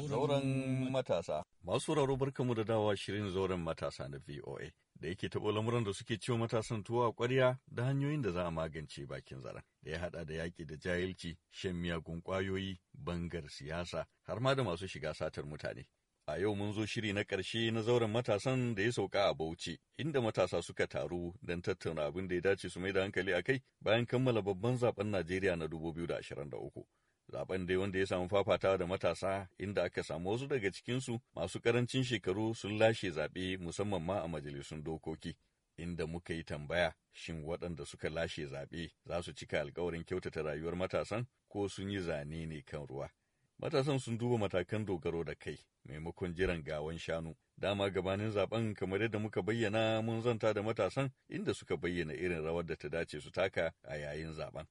Zauren matasa. Masu sauraro mu da dawa shirin zauren matasa na VOA da yake taɓo lamuran da suke ciwo matasan tuwa a ƙwarya da hanyoyin da za a magance bakin zaren. Da ya haɗa da yaƙi da jahilci, shan miyagun ƙwayoyi, bangar siyasa, har ma da masu shiga satar mutane. A yau mun zo shiri na ƙarshe na zauren matasan da ya sauka a Bauchi, inda matasa suka taru don tattauna abin da ya dace su mai da hankali a kai bayan kammala babban zaben Najeriya na dubu biyu da da uku. Zaben dai wanda ya samu fafatawa da matasa inda aka samu wasu daga cikinsu masu karancin shekaru sun lashe zaɓe musamman ma a majalisun dokoki. Inda muka yi tambaya shin waɗanda suka lashe zaɓe za su cika alkawarin kyautata rayuwar matasan ko sun yi zane ne kan ruwa. Matasan sun duba matakan dogaro da kai maimakon jiran gawan shanu. Dama gabanin zaben kamar yadda muka bayyana mun zanta da matasan inda suka bayyana irin rawar da ta dace su taka a yayin zaben.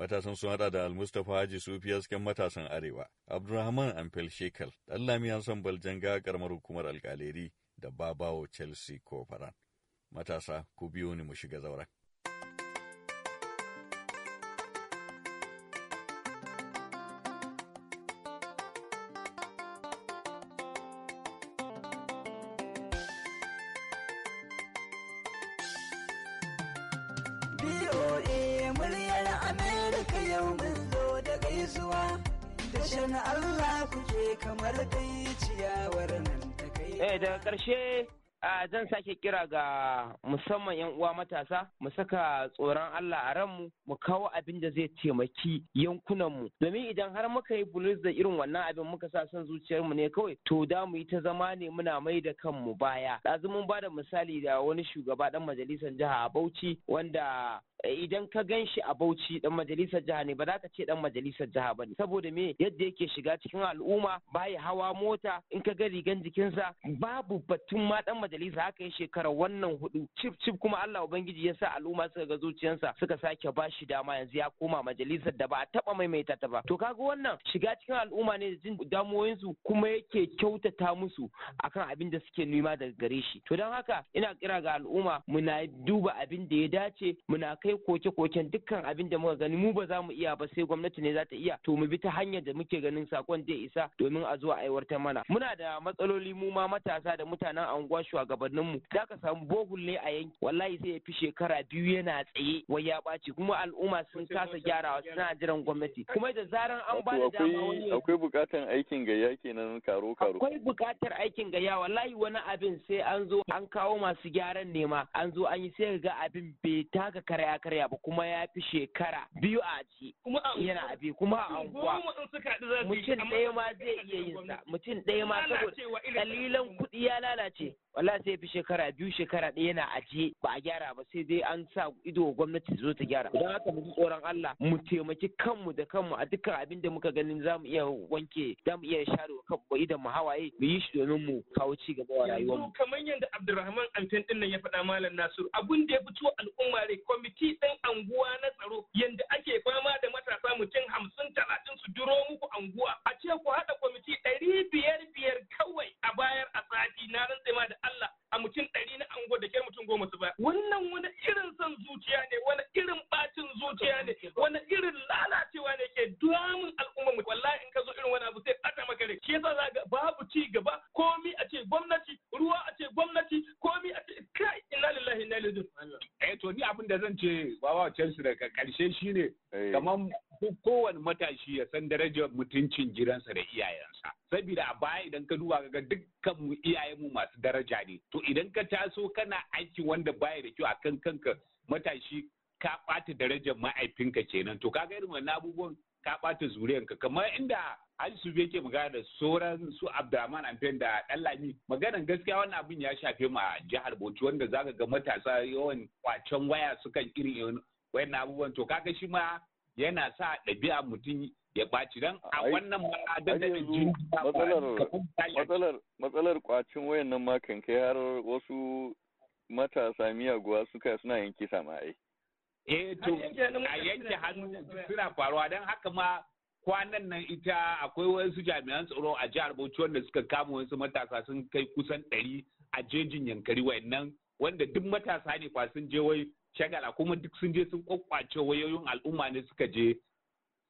Matasan sun hada da Almustapha Haji Sufi hasken matasan Arewa, Abdulrahman Amfel dan lamiyan son Baljanga karamar hukumar alkaleri da Babawo Chelsea Faran. Matasa, ku biyo ni mu shiga zauren. gaisuwa da shan Allah kuke kamar dai ciyawar nan ta kai. Eh, daga ƙarshe zan sake kira ga musamman 'yan uwa matasa mu saka tsoron Allah a ran mu mu kawo abin da zai taimaki yankunanmu domin idan har muka yi bulus da irin wannan abin muka sa son mu ne kawai to da mu yi ta zama ne muna mai da kanmu baya ɗazu mun ba da misali da wani shugaba ɗan majalisar jiha a Bauchi wanda idan ka gan shi a Bauchi dan majalisar jiha ne ba za ka ce dan majalisar jiha ne, saboda me yadda yake shiga cikin al'umma baya hawa mota in ka ga rigan jikinsa babu batun ma dan majalisa haka ya shekara wannan hudu cif cif kuma Allah ubangiji ya sa al'umma suka ga zuciyansa suka sake ba shi dama yanzu ya koma majalisar da ba a taba maimaita ta ba to kaga wannan shiga cikin al'umma ne da jin damuwoyinsu kuma yake kyautata musu akan abin da suke nema daga gare shi to don haka ina kira ga al'umma muna duba abin da ya dace muna kai sai koke-koken dukkan abin da muka gani mu ba za mu iya ba sai gwamnati ne za ta iya to mu bi ta hanyar da muke ganin sakon zai isa domin a zo zuwa aiwatar mana muna da matsaloli mu ma matasa da mutanen anguwa shugabannin mu za ka samu bohul ne a yanki wallahi sai ya fi shekara biyu yana tsaye wai ya ɓaci kuma al'umma sun kasa gyarawa suna jiran gwamnati kuma da zaran an ba da dama wani akwai bukatar aikin gaya kenan karo karo akwai bukatar aikin gayya wallahi wani abin sai an zo an kawo masu gyaran nema an zo an yi sai ga abin bai taka karya karya ba kuma ya fi shekara biyu a ci yana abi kuma a anguwa mutum ɗaya ma zai iya yin sa mutum ɗaya ma saboda dalilan kuɗi kuɗi ya lalace wallahi sai fi shekara biyu shekara ɗaya yana ajiye ba a gyara ba sai dai an sa ido gwamnati zo ta gyara don haka mu tsoron Allah mu taimaki kanmu da kanmu a dukkan abin da muka ganin za mu iya wanke mu iya share wa kanmu idan mu hawaye mu yi shi domin mu kawo ci gaba wa mu kamar yadda Abdulrahman Amfen din nan ya faɗa malam Nasiru Abun da ya fito al'umma ne kwamiti ɗin anguwa na tsaro yanda ake fama da matasa mutum hamsin talatin su duro muku anguwa a ce ku haɗa kwamiti ɗari biyar biyar kawai a bayar a sati na rantse ma da Allah a mutum ɗari na ango da ke mutum goma su ba wannan wani irin son zuciya ne wani irin ɓacin zuciya ne wani irin lalacewa ne ke damun al'umma mu wallahi in ka zo irin wani abu sai ɓata maka rai shi yasa zaga babu ci gaba komi a ce gwamnati ruwa a ce gwamnati komi a ce kai inna lillahi inna ilaihi eh to ni abin da zan ce bawa daga karshe shine eh. kamar kowane matashi ya san darajar mutuncin gidansa da iyayen kansa saboda a baya idan ka duba ga dukkan mu iyayen mu masu daraja ne to idan ka taso kana aiki wanda baya da kyau akan kanka matashi ka ɓata darajar ma'aifinka kenan to kaga irin wannan abubuwan ka ɓata zuriyanka kamar inda Alisu yake magana da sauran su Abdurrahman Amfen da Ɗanlami maganan gaskiya wannan abin ya shafe mu a jihar Bauchi wanda zaka ga matasa yawan kwacen waya sukan irin wayan abubuwan to kaga shi ma yana sa ɗabi'a mutum ya kwaci don a wannan ma'adar da matsalar matsalar kwacin wayan nan ma kan kai har wasu matasa miyaguwa suka suna yin kisa ma ai eh to a yanke hannu suna faruwa don haka ma kwanan nan ita akwai wasu jami'an tsaro a jihar Bauchi wanda suka kama wasu matasa sun kai kusan ɗari a jejin yankari wayannan wanda duk matasa ne fa sun je wai shagala kuma duk sun je sun kwakwace wayoyin al'umma ne suka je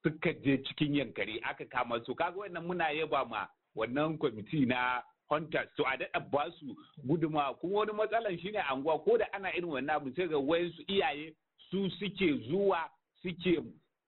suka je cikin yankari aka kama su kaga wannan muna yaba ma wannan kwamiti na hunters to a daɗa ba su guduma kuma wani matsalan shine anguwa ko da ana irin wannan abu sai ga wayansu iyaye su suke zuwa suke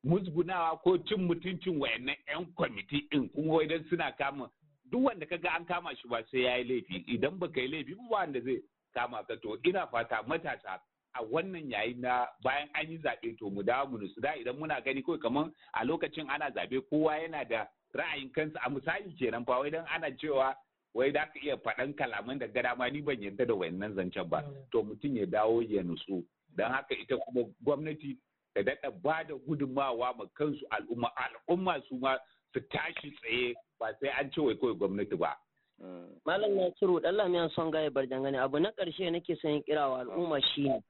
musgunawa ko cin mutuncin wayannan 'yan kwamiti din kuma idan suna kama duk wanda kaga an kama shi ba sai ya laifi idan baka yi laifi ba wanda zai kama ka to ina fata matasa a wannan yayin na bayan an yi zaɓe to mu dawo mu nutsu da idan muna gani kawai kamar a lokacin ana zaɓe kowa yana da ra'ayin kansa a misali kenan fa wai dan ana cewa wai da ka iya faɗan kalaman da gada ma ni ban yarda da wayannan zancen ba mm. to mutum ya dawo ya nutsu dan haka ita kuma gwamnati da daɗa ba da gudummawa ma kansu al'umma al'umma su ma su tashi tsaye ba sai an ce wai kawai gwamnati ba mm. Malam Nasiru, Allah lamiyan son gaya dangane, abu na ƙarshe nake son kirawa al'umma shine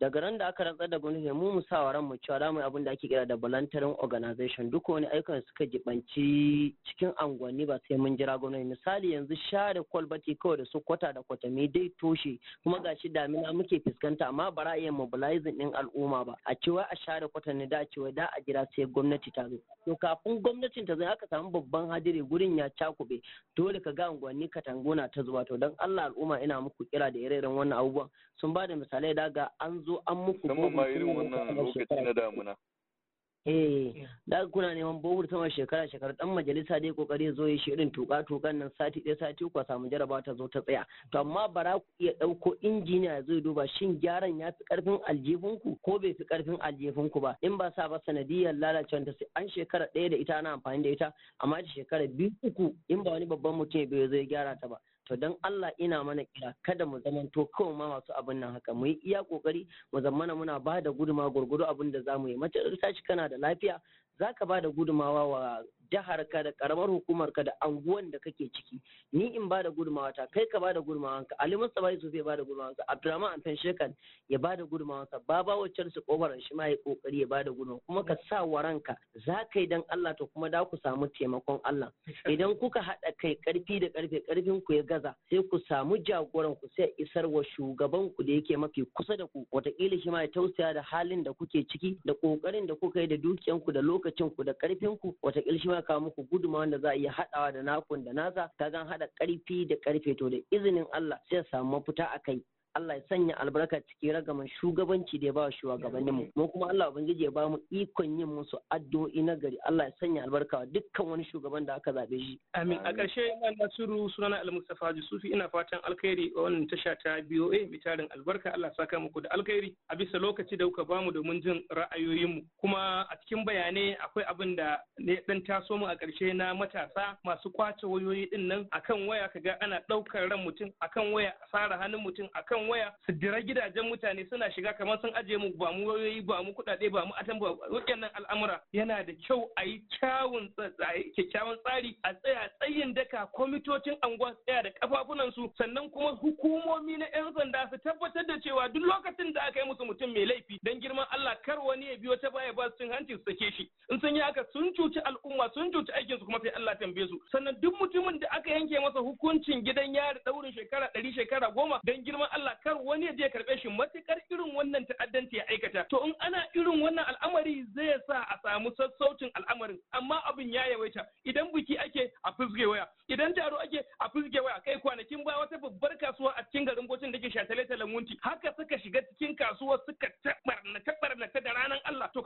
daga ran da aka rantsar da gwamnati mu mu sa wa mu cewa za mu abin da ake kira da volunteering organization duk wani ayyukan suka jibanci cikin angwani ba sai mun jira gwamnati misali yanzu share kwalbati kawai da su kwata da kwatami dai toshe kuma gashi damina muke fuskanta amma ba iya mobilizing din al'umma ba a cewa a share kwata ne da a cewa da a jira sai gwamnati ta zo to kafin gwamnatin ta zo aka samu babban hadiri gurin ya cakube dole ka ga ka katanguna ta zuwa to dan Allah al'umma ina muku kira da ire-iren wannan abubuwan sun ba da misalai ga an zo zo an muku ma irin wannan lokaci na damuna eh da kuna neman bohur sama shekara shekara dan majalisa dai kokari zo ya shirin tuka tukan nan sati ɗaya sati uku a samu jaraba ta zo ta tsaya to amma bara ku iya ɗauko injiniya ya zo duba shin gyaran ya fi karfin aljihunku ko bai fi karfin aljihunku ba in ba sa ba sanadiyar lalacewar ta sai an shekara ɗaya da ita ana amfani da ita amma shekara biyu uku in ba wani babban mutum bai zo ya gyara ta ba to don Allah ina mana kira kada mu to kawai ma masu abin nan haka mu yi iya kokari mu zammana muna ba da guduma gurguru abin da za mu yi mace ta tashi kana da lafiya zaka ba da gudumawa wa jihar ka da karamar hukumar ka da anguwan da kake ciki ni in ba da gudumawata kai ka ba da gudumawanka ali mustapha yusuf zai ba da gudumawansa abdurrahman antan shekan ya ba da gudumawansa baba wacce su kobaran shi ma ya kokari ya ba da gudumawa kuma ka sa wa ranka za ka yi dan Allah to kuma da ku samu taimakon Allah idan kuka hada kai karfi da karfe karfin ku ya gaza sai ku samu jagoran ku sai isar wa shugaban ku da yake mafi kusa da ku wataƙila shi ma ya tausaya da halin da kuke ciki da kokarin da kuka yi da dukiyanku da lokacin ku da karfin ku wataƙila shi ma taimaka muku guduma wanda za a iya haɗawa da nakun da nasa ta zan haɗa ƙarfi da ƙarfe to da izinin Allah sai a samu mafita a kai Allah ya sanya albarka cikin ragaman shugabanci da ya ba shugabannin mu mu kuma Allah ubangiji ya ba mu ikon yin musu addu'o'i na gari Allah ya sanya albarka wa dukkan wani shugaban da aka zabe shi amin a ƙarshe ina Nasiru sunana Al-Mustafa Jusufi ina fatan alkhairi a wannan tasha ta BOA mai tarin albarka Allah saka muku da alkhairi a bisa lokaci da kuka ba mu domin jin ra'ayoyin mu kuma a cikin bayanai akwai abin da ne dan taso mu a ƙarshe na matasa masu kwace wayoyi din nan akan waya kaga ana ɗaukar ran mutum akan waya a hannun mutum akan kan waya su dira gidajen mutane suna shiga kamar sun ajiye mu ba mu wayoyi ba mu kuɗaɗe ba mu atan ba al'amura yana da kyau a yi kyawun kyakkyawan tsari a tsaya tsayin daka kwamitocin anguwa tsaya da kafafunansu sannan kuma hukumomi na 'yan sanda su tabbatar da cewa duk lokacin da aka yi musu mutum mai laifi don Allah kar wani ya biyo ta baya ba cin hanci su sake shi in sun yi haka sun cuci al'umma sun cuci aikin su kuma sai Allah tambaye su sannan duk mutumin da aka yanke masa hukuncin gidan yari daurin shekara ɗari shekara goma dan girman Allah kar wani ya je karɓe shi matukar irin wannan ta'addanci ya aikata to in ana irin wannan al'amari zai sa a samu sassaucin al'amarin amma abin ya yawaita idan biki ake a fizge waya idan taro ake a fizge waya kai kwanakin ba wata babbar kasuwa a cikin garin gocin da ke shatale talamunti haka suka shiga cikin kasuwa suka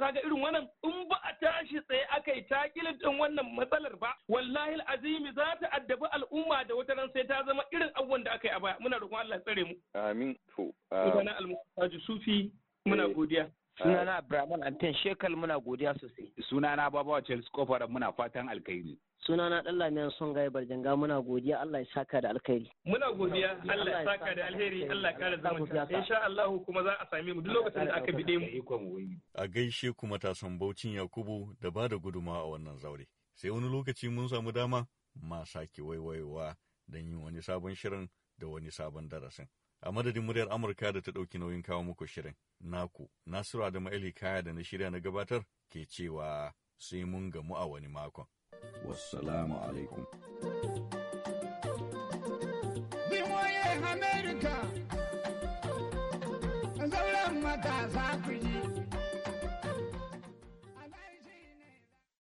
kaga irin wannan in ba a tashi tsaye aka yi takilin din wannan matsalar ba wallahi azimi za ta addabi al'umma da wata ran sai ta zama irin abubuwan da aka yi a baya muna roƙon Allah ya tsare mu amin to um, sufi muna eh, godiya Sunana Abraman Anten Shekal muna godiya sosai. Sunana Babawa Charles Kofar muna fatan alkhairi. Sunana dan lamiyan Son Gaya Barjanga muna godiya Allah ya saka da alkhairi. Muna godiya Allah ya saka da alheri Allah ya kara zamanta. Insha Allah kuma za a same mu duk lokacin da aka bide mu. A gaishe kuma san Baucin Yakubu da ba da guduma a wannan zaure. Sai wani lokaci mun samu dama ma sake waiwaiwa don yin wani sabon shirin da wani sabon darasin. a madadin muryar Amurka da ta ɗauki nauyin kawo muku shirin. Naku, Nasiru Adamu Ali Kaya da na shirya na gabatar ke cewa sai mun gamu a wani makon. Wassalamu alaikum.